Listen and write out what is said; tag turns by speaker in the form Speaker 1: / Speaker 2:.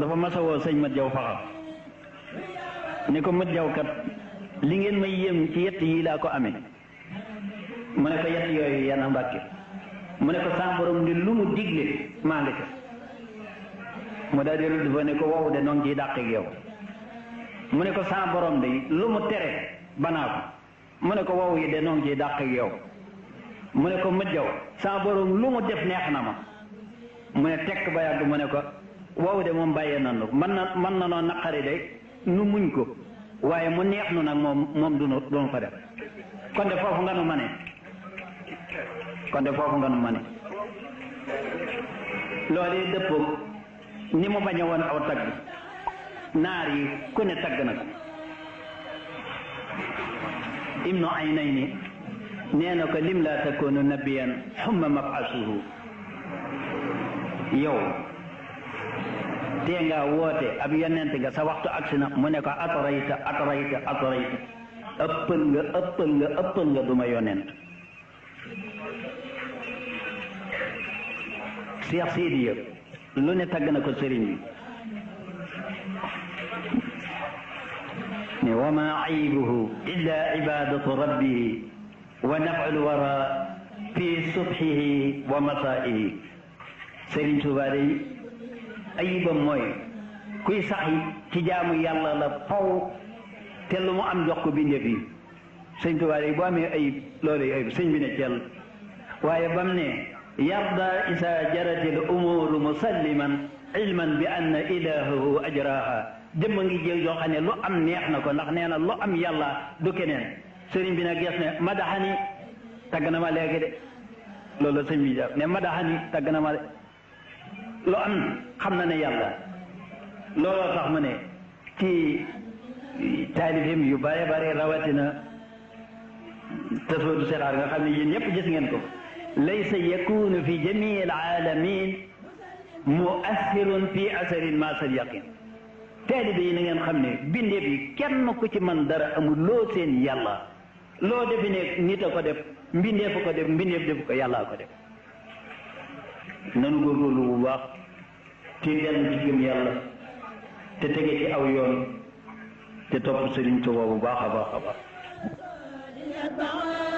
Speaker 1: dafa masawoo sëñ mat jaw faxa ko mat jawkat li ngeen may yéem ci yett yii laa ko ame mu ne ko yett yooyu yana mbàkke mu ne ko sa borom di lu mu digle maa ngi ko wow de noonu ciy dàqeeg yow mu ne ko sa borom lu mu tere banaa ko mu ne ko wow yi de noonu ciy dàqeeg yow mu ne ko mët jaw sa borom lu mu def neex na ma mu ne tekk ba yàgg mu ne ko woowu de moom bàyyee nan man na man na noo naqari de nu muñ ko waaye mu neex nu nag moom moom du nu doon fa def kon de foofu nga nu mane kon de foofu nga nu mane loolu yi ni mu bañ a woon aw tagg naar yi ku ne tagg na ko ibnu aynayni nee na ko lim laa takkoonu nabiyan xumma mabasuhu yow tee ngaa woote ab yonent nga sa waxtu agsi na mu ne ko atarayta atarayta atarayta ëppal nga ëppal nga ëppal nga duma yonent Cheikh Sidi yëpp lu ne tagg na ko sëriñ bi ne wa ma aybuhu illa ibadatu rabbihi wa naf'ul wara fi subhihi wa masaa'ihi sëriñ Tuubaa day ayibam mooy kuy sax yi ci jaamu yàlla la faw te lu mu am jox ko bindéef yi sëñ Tuubaa yi boo amee ayib loolu ayib sëñ bi ne cell waaye bam ne yarda isa jaratil umuru musalliman ilman bi anna ilahahu ajraha jëmm ngi jël yoo xam ne lu am neex na ko ndax nee na lu am yàlla du keneen sëriñ bi nag ges ne madaxani tagg na ma léegi de loolu sëñ bi jàpp ne madaxani tagg na ma de lu am xam na ne yàlla looloo tax mu ne ci taalifim yu bare bare rawatina tasoodu sexaar nga xam ne yéen ñëpp gis ngeen ko laysa yakunu fi jamii alaalamin muassirun fi asarin masal yaqin taalibe yi na ngeen xam ne bindeef yi kenn ku ci man dara amul loo seen yàlla loo defe ne nit a ko def mbindeef a ko def mbindeef def ko yàlla a ko def nanu góorgóorlu bu baax te dellu ci gëm yàlla te tege ci aw yoon te topp Sëriñ Tuubaa bu baax a baax a baax